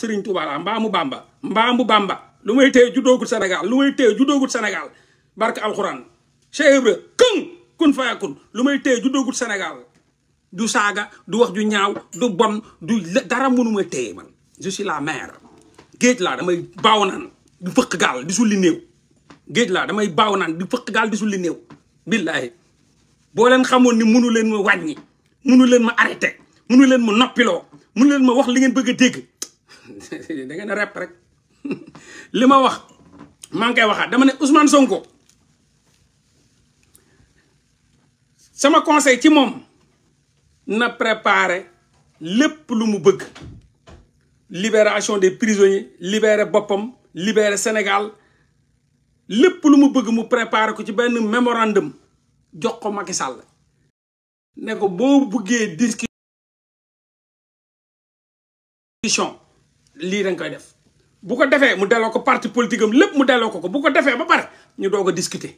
Serigne Touba la mbaamu Bamba mbaamu bàmba lu may téye juddoogut Sénégal lu may téye juddoogut Sénégal barke alxuraan Cheikh Ibra kun lu may téye juddoogut senegal du saaga du wax ju ñaaw du bon du dara mënu ma téye man je suis la mère géej laa damay baaw naan di fëq gaal di sulli néew géej laa damay baaw naan di fëq gaal di néew billaahi boo leen xamoon ni munu leen ma wàññi munu leen ma arrêté munu leen ma noppiloo munu leen ma wax li ngeen bëgg a dégg da ngeen a rep rek li ma wax maa ngi koy waxaat dama ne Ousmane Sonko sama conseil ci moom na préparer lépp lu mu bëgg libération des prisonniers libérer boppam libérer Sénégal lépp lu mu bëgg mu préparer ko ci benn mémorandum jox ko Macky Sall ne ko boo bëggee discussion lii dañ koy def bu ko defee mu delloo ko parti politique am lépp mu delloo ko ko bu ko defee ba pare ñu doog a discuter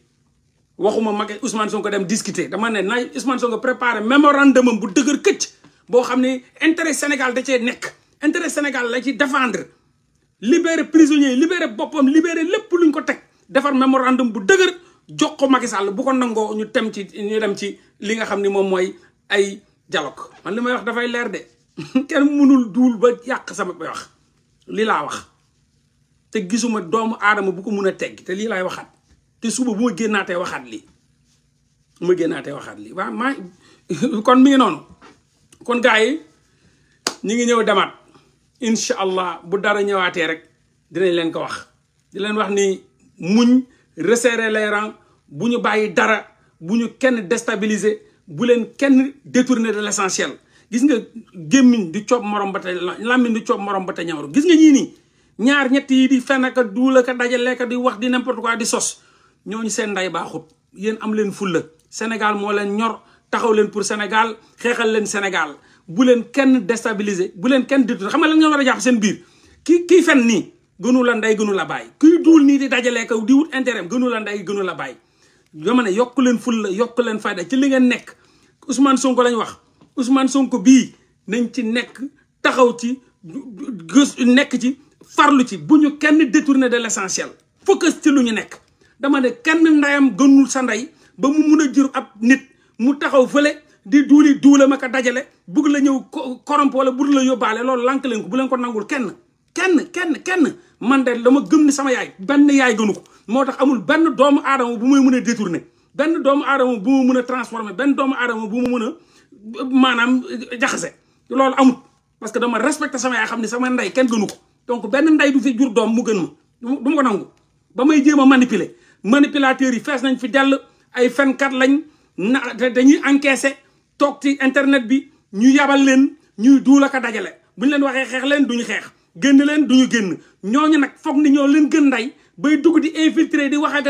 waxuma mag Ousmane ko dem discuter dama ne na Ousmane Sonko préparé mémorandum am bu dëgër këcc boo xam ne intérêt Sénégal da cee nekk intérêt Sénégal la ci défendre libérer prisonniers libérer boppam libérer lépp luñ ko teg defar mémorandum bu dëgër jox ko Macky Sall bu ko nangoo ñu tem ci ñu dem ci li nga xam ni moom mooy ay dialogue man li may wax dafay leer de kenn mënul duul ba yàq sama wax lii laa wax te gisuma doomu aadama bu ko mun a tegg te lii laay waxaat te suba bu ma génnaatee waxaat li bu ma génnaatee waxaat lii waaw maa kon mi ngi noonu kon gars yi ñu ngi ñëw demaat incha allah bu dara ñëwaatee rek dinañ leen ko wax di leen wax ni muñ resserrer les rangs bu ñu bàyyi dara bu ñu kenn déstabiliser bu leen kenn détourner de l'essentiel gis nga gémmiñ di coob morom ba te làmmiñ di coob morom ba te ñamaru gis nga ñii nii ñaar ñett yi di fen aka duula ka dajale ka di wax di n'importe quoi di sos ñooñu seen nday baaxut yéen am leen fulla Sénégal moo leen ñor taxaw leen pour Sénégal xeexal leen Sénégal bu leen kenn déstabiliser bu leen kenn détourné xam nga lan nga war a jàpp seen biir ki ki fen nii gënu la nday gënu la bàyyi ki duul nii di dajalee kaw di wut intérêt gënu la nday gënu la bàyyi dama ne yokk leen fulla yokk leen fayda ci li ngeen nekk Ousmane Sonko lañ wax Ousmane Sonko bii nañ ci nekk taxaw ci gës nekk ci farlu ci bu ñu kenn détourné de l'essentiel focus ci lu ñu nekk dama ne kenn ndeyam gënul sa ndey ba mu mun a jur ab nit mu taxaw fële di duuli duula ma ko dajale bugg la ñëw corrompre wala bugg la yóbbaale loolu lànk leen ko bu leen ko nangul kenn kenn kenn kenn man de dama gëm ni sama yaay benn yaay gënu ko moo tax amul benn doomu aadama bu muy mën a détourné benn doomu aadama bu mu mën a transformé benn doomu aadama bu mu mën a maanaam jaxase loolu amut parce que dama respecté sama yaay xam ne sama ndey kenn gënu ko donc benn ndey du fi jur doom mu gën ma du ma ko nangu ba may jéem a manipuler manipulateurs yi fees nañ fi dell ay fenkat lañ na dañuy encaissé toog ci internet bi ñu yabal leen ñuy duul ak dajale bu ñu leen waxee xeex leen duñu xeex génn leen duñu génn ñooñu nag foog ni ñoo leen gën ndey bay dugg di infiltrer di wax ak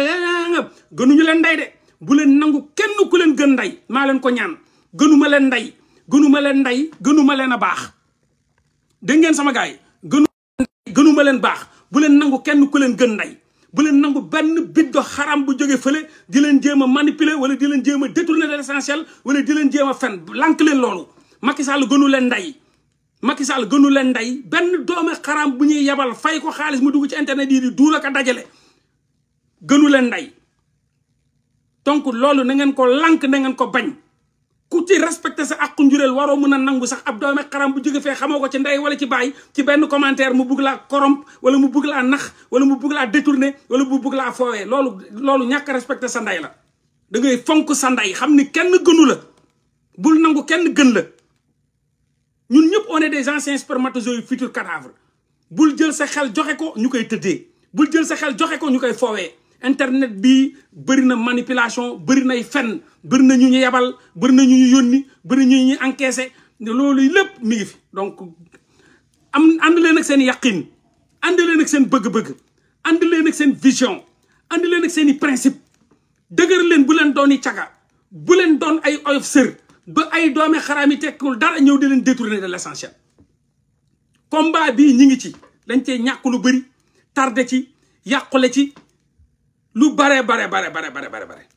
nga gënuñu leen ndey de bu leen nangu kenn ku leen gën ndey maa leen ko ñaan gënuma leen ndey gënuma leen ndey gënuma leen a baax dégg ngeen sama gars yi gënuma leen baax bu leen nangu kenn ku leen gën ndey bu leen nangu benn biddo xaram bu jóge fële di leen jéem a manipuler wala di leen jéem a détourner de l'essentiel wala di leen jéem a fen lànk leen loolu Macky Sall gënu leen ndey Macky Sall gënu leen ndey benn doome xaram bu ñuy yebal fay ko xaalis mu dugg ci internet yi di duula dajale gënu leen ndey donc loolu na ngeen ko lank na ngeen ko ku ci respecté sa àqu njureel waroo mën a nangu sax ab doomi xaram bu jóge fee xamoo ko ci ndey wala ci baay ci benn commentaire mu bugg laa corrompre wala mu bugg laa nax wala mu bugg laa détourné wala mu bugg laa foowee loolu ñàkk respecté sa ndey la da ngay fonk sa ndey xam ni kenn gënu la bul nangu kenn gën la ñun ñëpp on est des anciens spermatozoïdes futurs cadavres bul jël sa xel joxe ko ñu koy tëddee bul jël sa xel joxe ko ñu koy foowee internet bi bëri na manipulation bëri nay fen bëri na ñu ñu yebal bëri na ñu ñu yónni bëri ñu ñu encaissé loolu lépp mingi fi donc am ànd leen ak seen yaqin ànd leen ak seen bëgg-bëgg ànd leen ak seen vision ànd leen ak seen i principe dëgër leen bu leen doon yi caga bu leen doon ay oyof sër ba ay doome xaraam yi tekkul dara ñëw di leen détourner de l'essentiel combat bi ñi ngi ci dañ cee ñàkk lu bëri tardé ci yàqule ci lu bare bare bare bare bare bare bare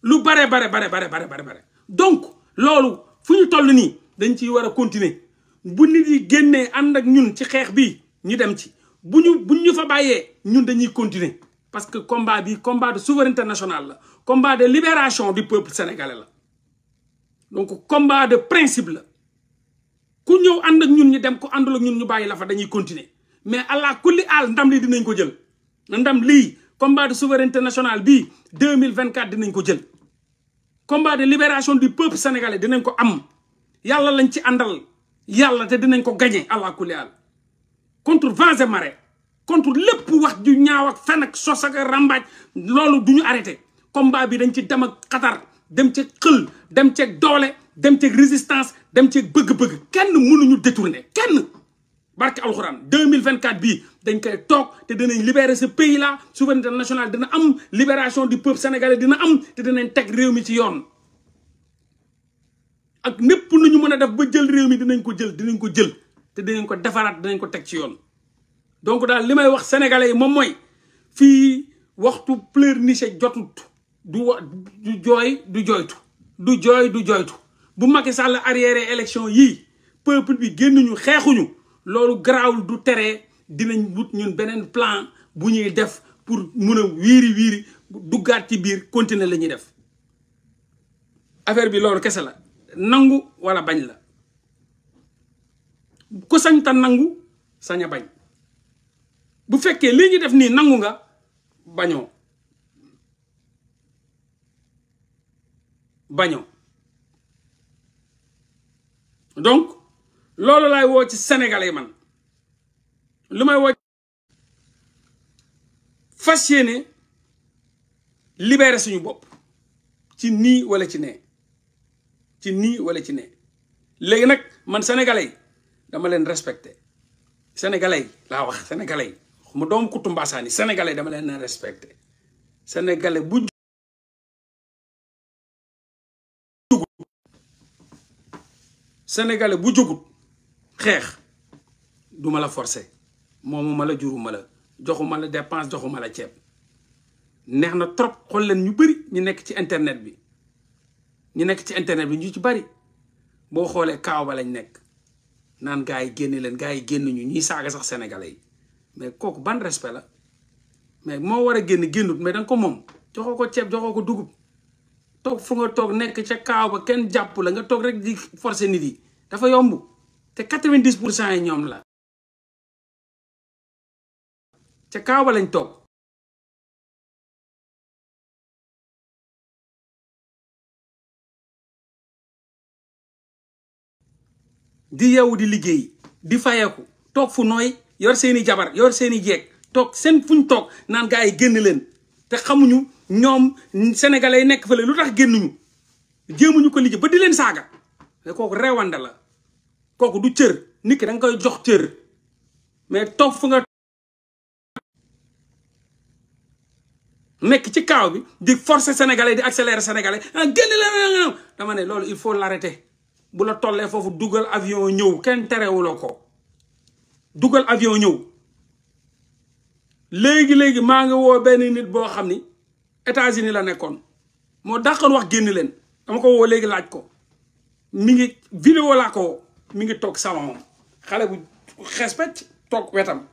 lu bare bare bare bare bare bare bare donc loolu fu ñu toll nii dañ ciy war a continuer bu nit yi génnee ànd ak ñun ci xeex bi ñu dem ci bu ñu bu ñu fa bàyyee ñun dañuy continuer parce que combat bi combat de souveraineté nationale la combat de libération du peuple sénégalais la donc combat de principe la ku ñëw ànd ak ñun ñu dem ku àndul ak ñun ñu bàyyi la fa dañuy continuer mais allah kulli al ndam lii dinañ ko jël ndam lii combat de souveraineté nationale bii deux mille vingt quatre dinañ ko jël. combat de libération du peuple sénégalais dinañ ko am yàlla lañ ci àndal yàlla te dinañ ko gagné allah kulli al contre vents et marées contre lépp wax ju ñaaw ak fen ak sos ak loolu du ñu arrêté combat bi dañ ci dem ak xatar dem ci xël dem ceeg doole dem ceeg résistance dem ceeg bëgg-bëgg kenn mënuñu détourné kenn. barke alxuraan 2024 bii dañ koy toog te danañ libérer ce pays là souveraineté nationale dina am libération du peuple sénégalais dina am te danañ teg réew mi ci yoon. ak népp nu ñu mën a def ba jël réew mi dinañ ko jël dinañ ko jël te dinañ ko defaraat dinañ ko teg ci yoon. donc daal li may wax sénégalais yi moom mooy fii waxtu pleurnicher jotut du wa du jooy du jooytu du jooy du jooytu bu Macky Sall arrière élection yii peuple bi génnuñu xeexuñu. loolu garaawul du tere dinañ wut ñun beneen plan bu ñuy def pour mun a wiiri wiiri duggaat ci biir continuer lañuy def affaire bi loolu kese la nangu walla bañ la ku sañ ta nangu sañ a bañ bu fekkee lii ñu def nii nangu nga bañoo bañoo loolu laay woo ci sénégalais man lu may woo fas yéene libérer suñu bopp ci nii wala ci nee ci nii walla ci nee léegi nag man sénégalais yi dama leen respecté sénégalais yi laa wax sénégalais yi mu doom kuttu mbaasaani sénégalais dama leen respecté sénégalais bu sénégalais bu jógut xeex du ma la forcer moom ma la juruma la joxuma la dépense joxuma la ceeb neex na trop xool leen ñu bëri ñu nekk ci internet bi ñu nekk ci internet bi ñu ci bari boo xoolee kaaw ba lañ nekk naan gars yi génn leen gars yi génn ñu ñuy saaga sax sénégalais yi mais kooku ban respect la mais moo war a génn génnut mais danga ko moom joxoo ko ceeb joxoo ko dugub toog fu nga toog nekk ca kaaw ba kenn jàpp la nga toog rek di forcer nit yi dafa yomb te quatre-vingt-dix pour cent yi ñoom la ca kaawa lañ toog di yeewu di liggéey di fayeku toog fu nooy yor seeni jabar yor seeni jeeg toog seen fuñ toog naan gaa yi génn leen te xamuñu ñoom sénégalais yi nekk fële lu tax génnuñu jéemuñu ko liggéey ba di leen saaga te kooku rewande la kooku du cër nit ki da koy jox cër mais toog fu nga nekk ci kaaw bi di forcer sénégalais di accélérer sénégalais ah génn la dama ne loolu il faut l'arrêter bu la tollee foofu dugal avion ñëw kenn terewuloo ko dugal avion ñëw léegi léegi maa ngi woo benn nit boo xam ni États-Unis la nekkoon moo dàqoon wax génn leen dama ko woo léegi laaj ko mu ngi vidéo laa ko mi ngi toog salon xale bu xespec toog wetam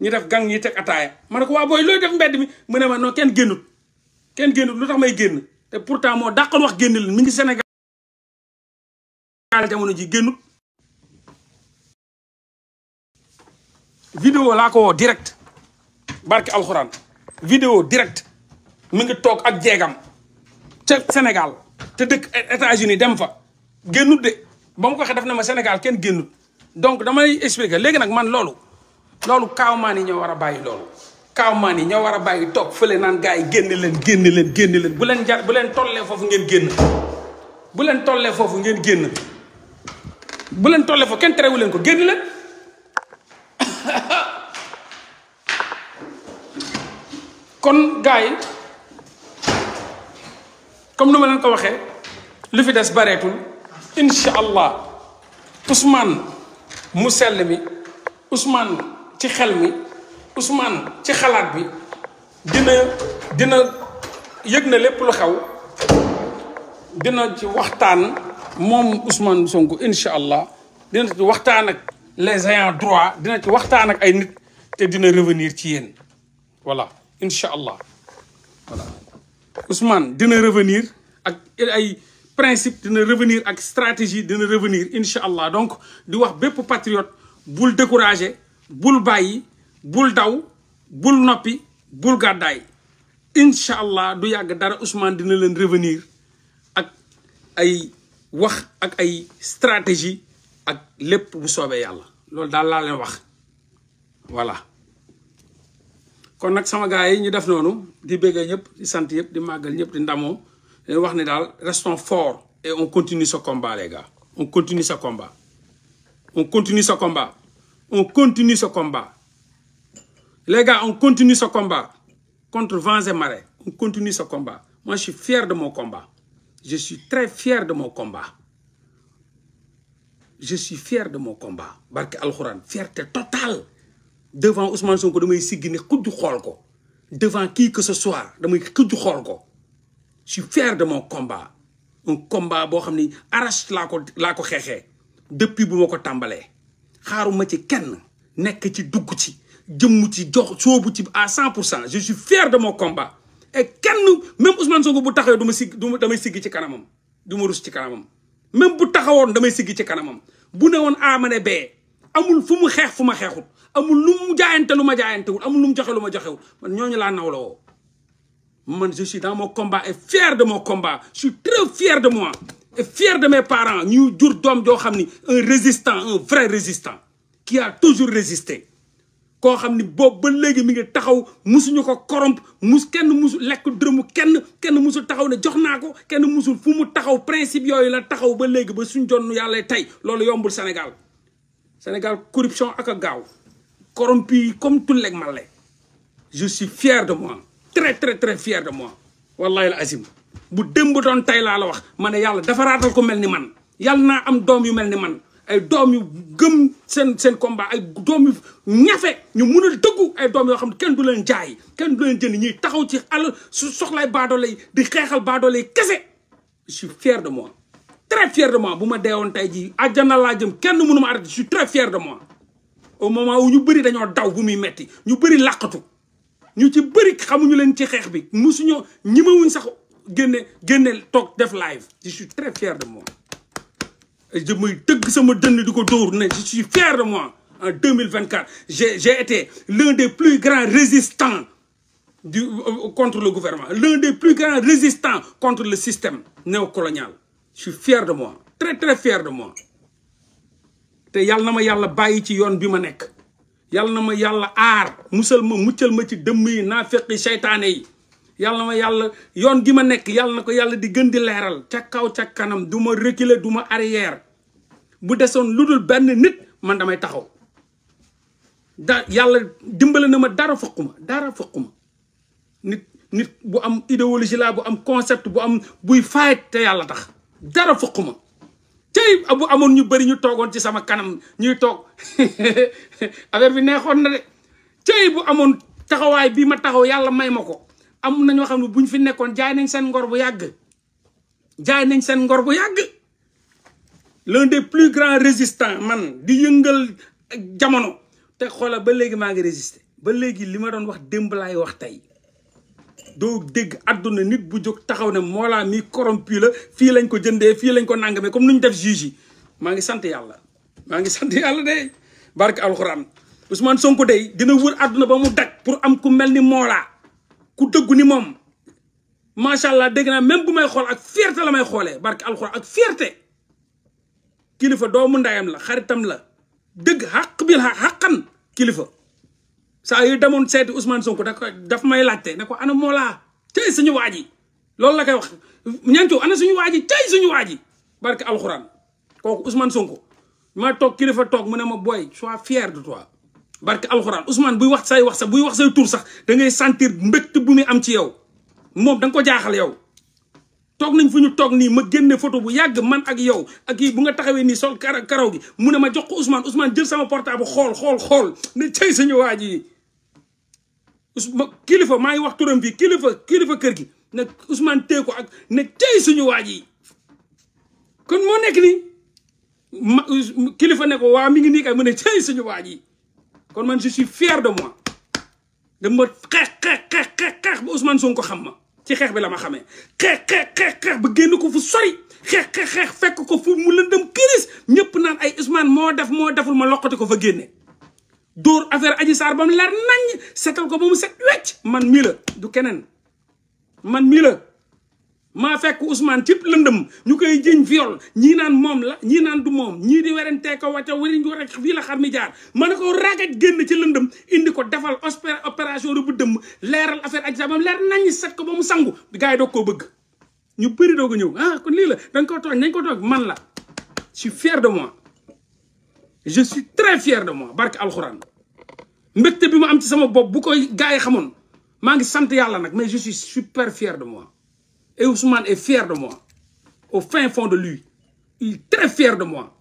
ñu def gang ñi teg ataaya ma ne waa booy looy def mbedd mi mu ne ma non kenn génnut kenn génnut lu tax may génn te pourtant moo dàqal wax génn leen mi ngi Sénégal jamono ji génnut vidéo laa ko woo direct barki alxuraan mi ngi toog ak jeegam ca Sénégal te dëkk États-Unis dem fa génnut de ba mu ko waxee daf na ma Sénégal kenn génn donc damay expliquer léegi nag man loolu loolu kaawmaan yi ñoo war a bàyyi loolu kaawmaan yi ñoo war a bàyyi toog fële naan gaa yi génne leen génne leen génne leen bu leen jar bu tollee foofu ngeen génn bu leen tollee foofu ngeen génn bu leen tollee foofu kenn terewu leen ko génn leen kon gaa yi comme nu ma leen ko waxee lu fi des bareetul incha allah Ousmane mu sell mi Ousmane ci xel mi Ousmane ci xalaat bi dina dina yëg na lépp lu xew dina ci waxtaan moom Ousmane Sonko incha allah dina ci waxtaan ak les ayants droit dina ci waxtaan ak ay nit te dina revenir ci yéen voilà incha allah voilà dina revenir ay. principe dina revenir ak stratégie dina revenir incha allah donc di wax bépp patriote bul découragé bul bàyyi bul daw bul noppi bul gàddaay incha allah du yàgg dara Ousmane dina leen revenir ak ay wax ak ay stratégie ak lépp bu soobee yàlla loolu daal laa leen wax voilà kon nag sama gars yi ñu def noonu di béggee ñëpp di sant yëpp di màggal ñëpp di ndamoo dañu wax ne daal restons forts et on continue ce combat les gars on continue ce combat on continue sa combat on continue ce combat on continue ce combat contre vents et marées on continue ce combat moi je suis fier de mon combat je suis très fier de mon combat je suis fier de mon combat barke alxuraan fierté totale devant Ousmane Sonko damay siggi ne xujju xool ko devant qui que ce soit damay xujju xool ko je suis fier de mon combat combat boo xam ni arrache laa ko laa ko xeexee depuis bu ma ko tàmbalee xaaruma ci kenn nekk ci dugg ci jëmm ci jox soobu ci à cent pour cent je suis fier de combat et kenn même Ousmane Sonko bu taxawee du ma sig du damay sigg ci kanamam du ma rus ci kanamam même bu taxawoon damay sigg ci kanamam bu ne woon A ma ne B amul fu mu xeex fu ma xeexut amul lu mu jaayante lu ma jaayantewul amul lu mu joxe ma joxewul man ñooñu laa nawloo man je suis dans mon combat et fier de mon combat je suis très de moi et fier de mes parents ñu jur doom joo xam ni un résistant un vrai résistant qui a toujours résisté koo xam ni boobu ba léegi mi ngi taxaw musuñu ko corrompre mus kenn musu lekk dërëmu kenn kenn musul taxaw ne jox naa ko kenn musul fu mu taxaw principe yooyu la taxaw ba léegi ba suñ jonn yàlla tey loolu yombul Sénégal Sénégal corruption ak gaaw corrompu yi comme tulleeg male je suis fier très très très fier de moi wallahi la azim bu dem bu doon tey laa la wax ma ne yàlla defaraatal ko mel ni man yàlla naa am doom yu mel ni man ay doom yu gëm seen seen combat ay doom yu ñafe ñu mun a dëggu ay doom yoo xam ne kenn du leen jaay kenn du leen jënd ñuy taxaw ci àll su soxlaay baadoole yi di xeexal baadoole yi kese su suis fier de moi très fier de moi bu ma deewoon tey jii àjjana laa jëm kenn mënu ma arrêté je suis fier de moi au moment où ñu bëri dañoo daw bu muy metti ñu bëri làqatu ñu ci bëri xamuñu leen ci xeex bi musuñoo ñimawuñ sax génne génne toog def live je suis très fier de moi je may tëgg sama dënn di ko dóor ne je suis fier de moi en 2024 j'ai j'ai été l'un des plus grands résistants du euh, contre le gouvernement l'un des plus grands résistants contre le système néocolonial je suis fier de moi très très fier de moi te yàlla na ma yàlla bàyyi ci yoon bi ma nekk yàlla na ma yàlla aar musal ma muccal ma ci dëmm yi naa feqi seytaane yi yàlla na ma yàlla yoon gi ma nekk yàlla na ko yàlla di gën di leeral ca kaw ca kanam du ma reculer du ma bu desoon lu dul benn nit man damay taxaw da yàlla dimbale na ma dara fuq ma dara fuq ma nit nit bu am idéologie la bu am concept bu am buy faay te yàlla tax dara fokku ma tey bu amoon ñu bëri ñu toogoon ci sama kanam ñuy toog affaire bi neexoon na de tey bu amoon taxawaay bi ma taxaw yàlla may ma ko am na ñoo xam ne bu buñ fi nekkoon jaay nañ seen ngor bu yàgg jaay nañ seen ngor bu yàgg l'un des plus grands résistant man di yëngal eh, jamono te xoola ba léegi maa ngi résister ba léegi li ma doon wax démb laay wax tey doo dégg àdduna nit bu jóg taxaw ne Mollah mi corrompu la fii lañ ko jëndee fii lañ ko nàngamee comme nu ñu def juge maa ngi sant yàlla maa ngi sant yàlla de barke alxuraan Ousmane Sonko day dina wër àdduna ba mu daj pour am ku mel ni Mollah ku dëggu ni moom macha allah dégg naa même bu may xool ak fierté la may xoolee barke alxuraan ak fierté kilifa doomu ndayam la xaritam la dëgg xaq bi la xaqan kilifa saa yu demoon seeti Ousmane Sonko da koy daf may laajte ne ko ana Mollah tey suñu waa ji loolu la koy wax ñantu ana suñu waa ji tey suñu waa ji barke alxuraan kooku Ousmane Sonko ma toog ki kilifa toog mu ne ma booy sois fier de toi. barke alxuraan Ousmane buy wax say wax sax buy wax say tur sax da ngay sentir mbégte bu muy am ci yow moom danga nga ko jaaxal yow toog nañ fu ñu toog nii ma génne photo bu yàgg man ak yow ak yi bu nga taxawee nii sol kara karaw gi mu ne ma jox ko Ousmane Ousmane jël sama portable xool xool xool ne sey suñu waa ji kilifa maa ngi wax turam fii kilifa kilifa kër gi ne Ousmane tee ko ak ne cey suñu waa ji kon moo nekk nii ma kilifa waa mi ngi nii kay mu ne cey suñu waa ji kon man je suis fier de moi dama xeex xeex xeex xeex ba Ousmane ko xam ma. ci xeex bi la ma xamee xeex xeex xeex xeex ba génn ko fu sori xeex xeex xeex fekk ko fu mu lëndëm kiris ñëpp naan ay Ousmane moo def moo deful ma loqati ko fa génne dóor affaire Adji saar bam mu leer naññ ko ba mu set wecc man mii la du keneen man mii la maa fekk Ousmane cib lëndëm ñu koy jiñ viol ñii naan moom la ñii naan du moom ñii di werantee ko wacca wariñ ko rek fii la xar mi jaar ma ne koo ragat génn ci lëndëm indi ko defal opération bu dëmm leeral affaire ak jaamam leer nañ set ko ba mu sangu gars yi doog koo bëgg ñu bëri doog a ñëw ah ko lii la dañ ko tooñ dañ ko tooñ man la su suis de mois je suis très fier de moi barke alxuraan bi ma am ci sama bopp bu koy gars yi xamoon maa ngi sant yàlla nag mais je suis de moi Et Ousmane est fier de moi. Au fin fond de lui. Il est très fier de moi.